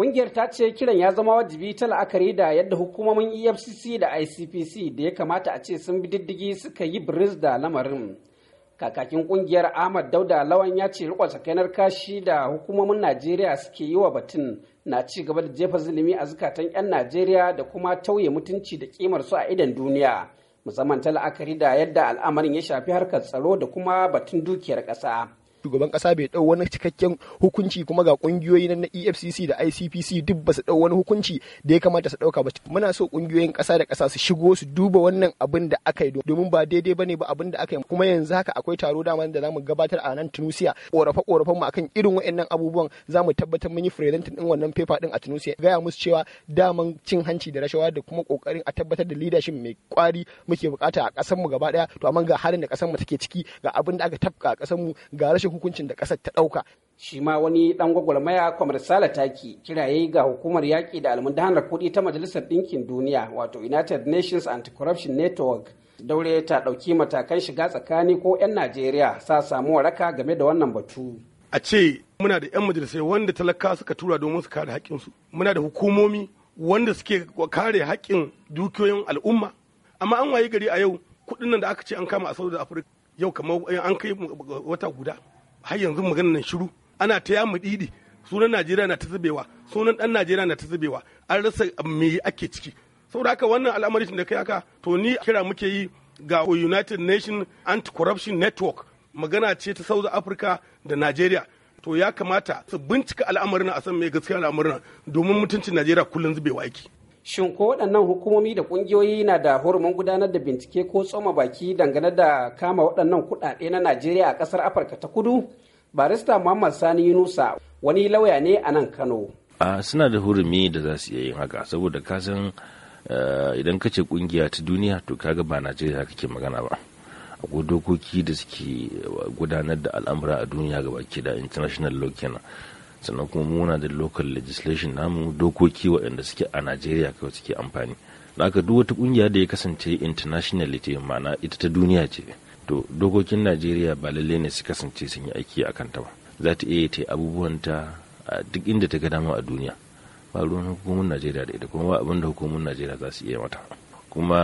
Ƙungiyar ta ce kiran ya zama wajibi ta la'akari da yadda hukumomin EFCC da ICPC da ya kamata a ce sun bi diddigi suka yi biris da lamarin. Kakakin ƙungiyar Ahmad Dauda Lawan ya ce rikon sakainar kashi da hukumomin Najeriya suke yi wa batun na ci gaba da jefa zulumi a zukatan 'yan Najeriya da kuma tauye mutunci da kimar su a idan duniya. Musamman ta la'akari da yadda al'amarin ya shafi harkar tsaro da kuma batun dukiyar ƙasa. shugaban kasa bai dau wani cikakken hukunci kuma ga kungiyoyi na EFCC da ICPC duk ba su dau wani hukunci da ya kamata su dauka ba muna so kungiyoyin kasa da kasa su shigo su duba wannan abin da aka yi domin ba daidai bane ba abin da aka yi kuma yanzu haka akwai taro dama da zamu gabatar a nan Tunisia korafa korafan mu akan irin waɗannan abubuwan zamu tabbatar mun yi presenting din wannan paper din a Tunisia gaya musu cewa daman cin hanci da rashawa da kuma kokarin a tabbatar da leadership mai kwari muke bukata a kasar mu gaba daya to amma ga halin da kasar mu take ciki ga abin da aka tafka a kasar mu ga rashin hukuncin da ƙasar ta ɗauka. shi ma wani dan gwagwarmaya kwamar sala taki kiraye ga hukumar yaƙi da almundahanar kuɗi ta majalisar ɗinkin duniya wato united nations anti-corruption network daure ta ɗauki matakan shiga tsakani ko 'yan najeriya sa samu waraka game da wannan batu a ce muna da 'yan majalisai wanda talaka suka tura domin su kare haƙƙinsu muna da hukumomi wanda suke kare haƙƙin dukiyoyin al'umma amma an wayi gari a yau kuɗin nan da aka ce an kama a saudi afirka yau kamar an kai wata guda har yanzu magana nan shiru ana ta yamu didi sunan najeriya na ta zubewa sunan dan najeriya na ta zubewa an rasa um, me ake ciki saboda haka wannan al'amarin da kai haka to ni kira muke yi ga united nation anti-corruption network magana ce ta south africa da najeriya to ya kamata su bincika al'amarin a san me gaskiya al'amarin domin mutuncin najeriya kullun zubewa yake Shin ko waɗannan hukumomi da ƙungiyoyi na da hurumin gudanar da bincike ko tsoma baki dangane da kama waɗannan kuɗaɗe na Najeriya a ƙasar Afirka ta Kudu? Barista Muhammad Sani Yunusa wani lauya ne a nan Kano. A suna da hurumi da za su iya yin haka saboda ka san eh, idan ka ce kungiya ta duniya to kaga ba Najeriya kake magana ba. Akwai dokoki da suke eh, gudanar da al'amura a duniya ga baki da international law kenan. sannan kuma muna da local legislation namu dokoki waɗanda suke a najeriya kawai suke amfani da aka duk wata ƙungiya da ya kasance international ce ma'ana ita ta duniya ce to dokokin najeriya ba lalle ne su kasance sun yi aiki a kanta ba za ta iya ta abubuwanta a duk inda ta ga dama a duniya ba ruwan hukumar najeriya da ita kuma ba abin da hukumomin najeriya za su iya mata kuma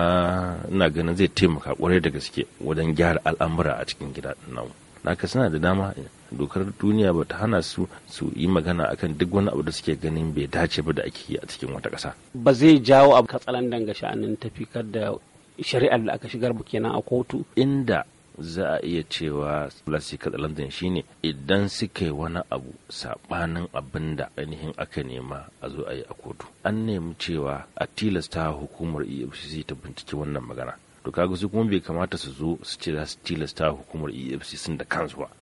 ina ganin zai taimaka kwarai da gaske wajen gyara al'amura a cikin gida namu naka suna da dama dokar duniya ba ta hana su su yi magana akan duk wani abu da suke ganin bai dace ba da ake yi a cikin wata ƙasa. Ba zai jawo abu katsalandan ga sha'anin tafikar da shari'ar da aka shigar kenan a kotu. Inda za a iya cewa lasika katsalandan shine idan suka yi wani abu saɓanin abin da ainihin aka nema a zo a yi a kotu. An nemi cewa a tilasta hukumar EFCC ta binciki wannan magana. to kaga su kuma bai kamata su zo su ce za su tilasta hukumar efcc sun da kansu ba